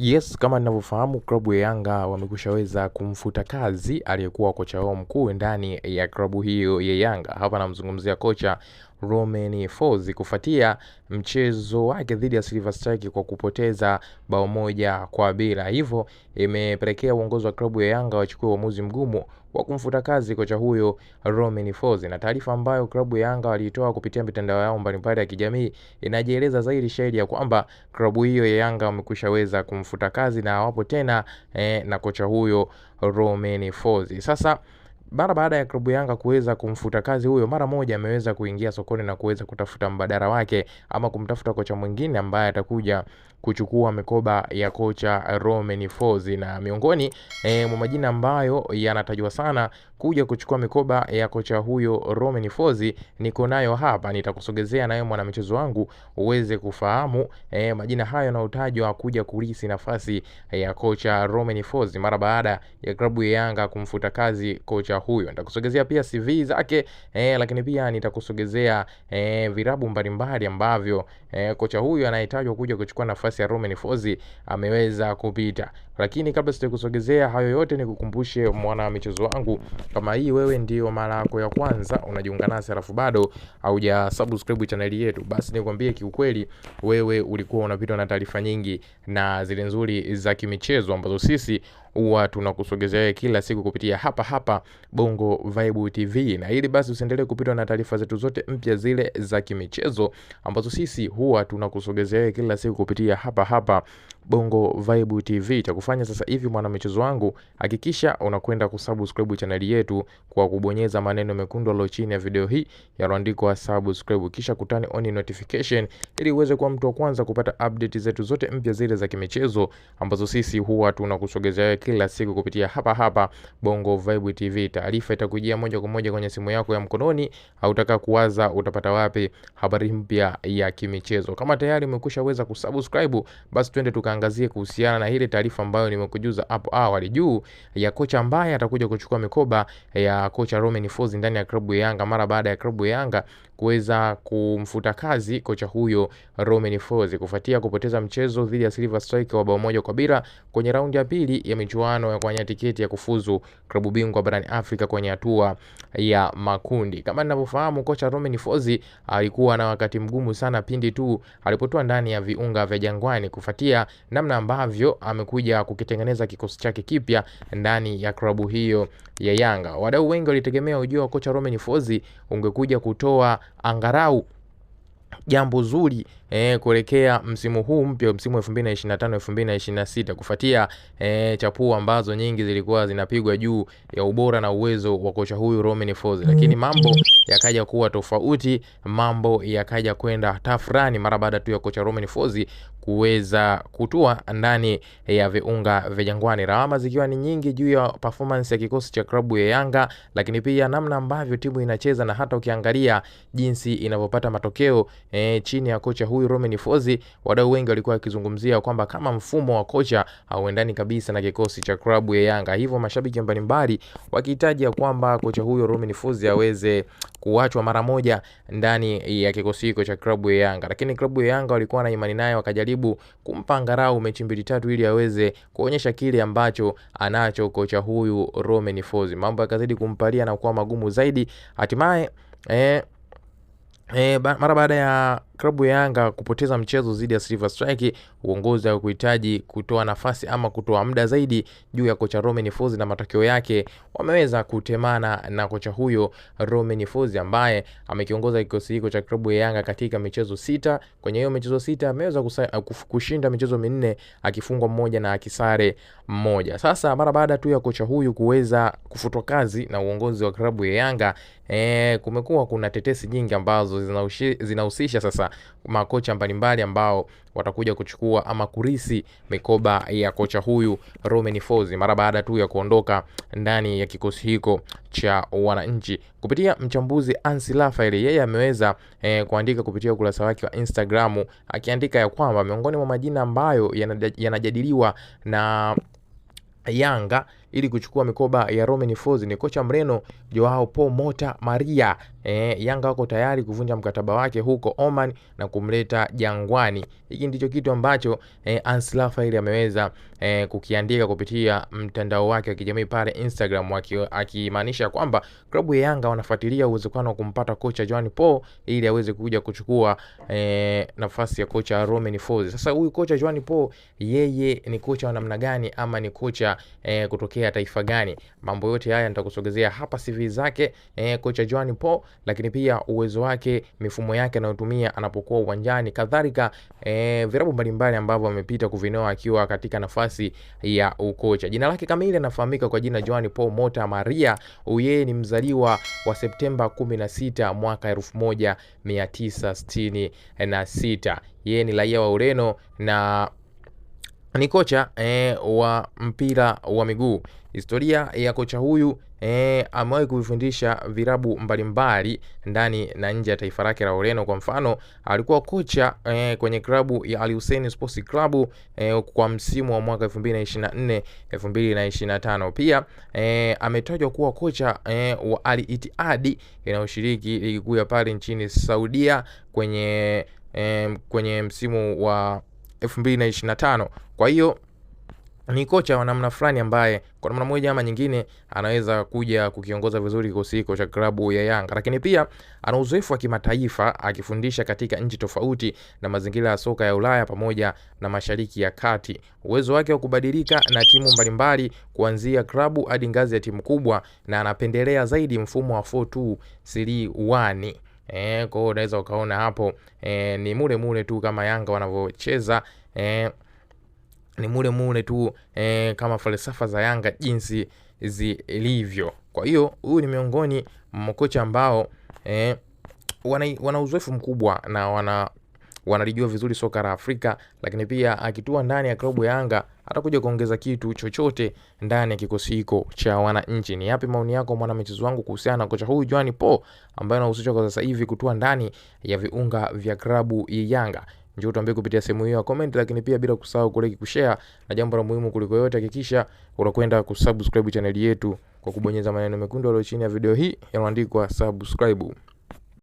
Yes, kama ninavyofahamu klabu ya Yanga wamekushaweza kumfuta kazi aliyekuwa kocha wao mkuu ndani ya klabu hiyo ya Yanga. Hapa namzungumzia kocha Romain Folz kufuatia mchezo wake dhidi ya Silver Strike kwa kupoteza bao moja kwa bila. Hivyo imepelekea uongozi wa klabu ya Yanga wachukue uamuzi mgumu wa kumfuta kazi kocha huyo Romain Folz. Na taarifa ambayo klabu ya Yanga waliitoa kupitia mitandao yao mbalimbali ya kijamii inajieleza zaidi shahidi ya kwamba klabu hiyo ya Yanga wamekwishaweza kumfuta kazi na hawapo tena eh, na kocha huyo Romain Folz. Sasa mara baada ya klabu Yanga kuweza kumfuta kazi huyo, mara moja ameweza kuingia sokoni na kuweza kutafuta mbadala wake ama kumtafuta kocha mwingine ambaye atakuja kuchukua mikoba ya kocha Romain Folz, na miongoni e, mwa majina ambayo yanatajwa sana kuja kuchukua mikoba ya kocha huyo Romain Folz niko nayo hapa, nitakusogezea nayo mwanamichezo wangu uweze kufahamu e, majina hayo yanayotajwa kuja kulisi nafasi ya kocha Romain Folz mara baada ya klabu ya Yanga kumfuta kazi kocha huyo. Nitakusogezea pia CV zake e, lakini pia nitakusogezea e, virabu mbalimbali ambavyo e, kocha huyo anayetajwa kuja kuchukua nafasi nafasi ya Romain Folz ameweza kupita. Lakini kabla sijakusogezea hayo yote, nikukumbushe mwana wa michezo wangu, kama hii wewe ndio mara yako ya kwanza unajiunga nasi alafu bado hauja subscribe channel yetu, basi nikwambie kiukweli, wewe ulikuwa unapitwa na taarifa nyingi na zile nzuri za kimichezo ambazo sisi huwa tunakusogezea kila siku kupitia hapa hapa Bongo Vibe TV, na ili basi usiendelee kupitwa na taarifa zetu zote mpya zile za kimichezo ambazo sisi huwa tunakusogezea kila siku kupitia hapa hapa Bongo Vibe TV. Chakufa unachofanya sasa hivi mwana michezo wangu, hakikisha unakwenda kusubscribe channel yetu kwa kubonyeza maneno mekundu yaliyo chini ya video hii yaliyoandikwa subscribe, kisha kutani on notification ili uweze kuwa mtu wa kwanza kupata update zetu zote mpya zile za kimichezo ambazo sisi huwa tunakusogezea kila siku kupitia hapa hapa Bongo Vibe TV. Taarifa itakujia moja kwa moja kwenye simu yako ya mkononi. au utaka kuwaza utapata wapi habari mpya ya kimichezo. Kama tayari umekwishaweza kusubscribe, basi twende tukaangazie kuhusiana na ile taarifa ambayo ambayo nimekujuza hapo awali juu ya kocha ambaye atakuja kuchukua mikoba ya kocha Romain Folz ndani ya klabu ya Yanga mara baada ya klabu ya Yanga kuweza kumfuta kazi kocha huyo Romain Folz kufuatia kupoteza mchezo dhidi ya Silver Strikers wa bao moja kwa bila kwenye raundi ya pili ya michuano ya kwenye tiketi ya kufuzu klabu bingwa barani Afrika kwenye hatua ya makundi. Kama ninavyofahamu, kocha Romain Folz alikuwa na wakati mgumu sana pindi tu alipotua ndani ya viunga vya Jangwani kufuatia namna ambavyo amekuja kukitengeneza kikosi chake kipya ndani ya klabu hiyo ya Yanga. Wadau wengi walitegemea ujio wa kocha Romain Folz ungekuja kutoa angarau jambo zuri eh, kuelekea msimu huu mpya msimu 2025 2026 kufuatia eh, chapuo ambazo nyingi zilikuwa zinapigwa juu ya ubora na uwezo wa kocha huyu Romain Folz, mm. lakini mambo yakaja kuwa tofauti, mambo yakaja kwenda tafrani mara baada tu ya kocha Romain Folz kuweza kutua ndani ya viunga vya Jangwani, lawama zikiwa ni nyingi juu ya performance ya kikosi cha klabu ya Yanga, lakini pia namna ambavyo timu inacheza na hata ukiangalia jinsi inavyopata matokeo e, chini ya kocha huyu Romain Folz, wadau wengi walikuwa wakizungumzia kwamba kama mfumo wa kocha hauendani kabisa na kikosi cha klabu ya Yanga, hivyo mashabiki mbalimbali wakihitaji kwamba kocha huyo Romain Folz aweze kuachwa mara moja ndani ya kikosi hicho cha klabu ya Yanga, lakini klabu ya Yanga walikuwa na imani naye wakajaribu anajaribu kumpa ngarau mechi mbili tatu, ili aweze kuonyesha kile ambacho anacho kocha huyu Romain Folz. Mambo yakazidi kumpalia na kuwa magumu zaidi hatimaye eh, eh, mara baada ya klabu ya Yanga kupoteza mchezo dhidi ya Silver Strike, uongozi wa kuhitaji kutoa nafasi ama kutoa muda zaidi juu ya kocha Romain fozi na matokeo yake, wameweza kutemana na kocha huyo Romain fozi ambaye amekiongoza kikosi hicho cha klabu ya Yanga katika michezo sita. Kwenye hiyo michezo sita ameweza kushinda michezo minne akifungwa mmoja na akisare mmoja. Sasa mara baada tu ya kocha huyu kuweza kufutwa kazi na uongozi wa klabu ya Yanga, e, kumekuwa kuna tetesi nyingi ambazo zinahusisha sasa makocha mbalimbali ambao watakuja kuchukua ama kurisi mikoba ya kocha huyu Roman Fozi mara baada tu ya kuondoka ndani ya kikosi hiko cha wananchi. Kupitia mchambuzi Ansi Rafael, yeye ameweza eh, kuandika kupitia ukurasa wake wa Instagram akiandika ya kwamba miongoni mwa majina ambayo yanajadiliwa na Yanga ili kuchukua mikoba ya Romain Folz ni kocha Mreno Joao Paul Mota Maria E, Yanga wako tayari kuvunja mkataba wake huko Oman na kumleta Jangwani. Hiki ndicho kitu ambacho e, Ansla ameweza e, kukiandika kupitia mtandao wake wa kijamii pale Instagram akimaanisha kwamba klabu ya Yanga wanafuatilia uwezekano wa kumpata kocha Joan Paul ili aweze kuja kuchukua e, nafasi ya kocha Romain Folz. Sasa huyu kocha Joan Paul yeye ni kocha wa namna gani ama ni kocha e, kutokea taifa gani? Mambo yote haya nitakusogezea hapa CV zake e, kocha Joan Paul lakini pia uwezo wake, mifumo yake anayotumia anapokuwa uwanjani, kadhalika e, eh, virabu mbalimbali ambavyo amepita kuvinoa akiwa katika nafasi ya ukocha. Jina lake kamili anafahamika kwa jina Joan Paul Mota Maria. Yeye ni mzaliwa wa Septemba 16 mwaka 1966. Yeye ni raia wa Ureno na ni kocha eh, wa mpira wa miguu. Historia ya kocha huyu eh, amewahi kuvifundisha virabu mbalimbali ndani na nje ya taifa lake la Ureno. Kwa mfano, alikuwa kocha eh, kwenye klabu ya Al Hussein Sports Club eh, kwa msimu wa mwaka 2024 2025. Pia eh, ametajwa kuwa kocha eh, wa Al Ittihad inayoshiriki ligi kuu ya pale nchini Saudia kwenye eh, kwenye msimu wa 2025. Kwa hiyo ni kocha wa namna fulani ambaye kwa namna moja ama nyingine anaweza kuja kukiongoza vizuri kikosi hiko cha klabu ya Yanga, lakini pia ana uzoefu wa kimataifa akifundisha katika nchi tofauti na mazingira ya soka ya Ulaya pamoja na Mashariki ya Kati. Uwezo wake wa kubadilika na timu mbalimbali kuanzia klabu hadi ngazi ya timu kubwa, na anapendelea zaidi mfumo wa 4-2-3-1 eh, kwa hiyo unaweza ukaona hapo e, ni mule mule tu kama Yanga wanavyocheza e, ni mule mule tu e, kama falsafa za Yanga jinsi zilivyo. Kwa hiyo huyu ni miongoni mwa ambao e, wana, wana uzoefu mkubwa na wana wanalijua vizuri soka la Afrika, lakini pia akitua ndani ya klabu ya Yanga atakuja kuongeza kitu chochote ndani ya kikosi hiko cha wananchi. Ni yapi maoni yako mwana michezo wangu kuhusiana na kocha huyu Juan Po ambaye anahusishwa kwa sasa hivi kutua ndani ya viunga vya klabu ya Yanga? Njoo tuambie kupitia sehemu hiyo ya comment, lakini pia bila kusahau kulike, kushare, na jambo la muhimu kuliko yote, hakikisha unakwenda kusubscribe channel yetu kwa kubonyeza maneno mekundu yaliyo chini ya video hii yanaandikwa subscribe.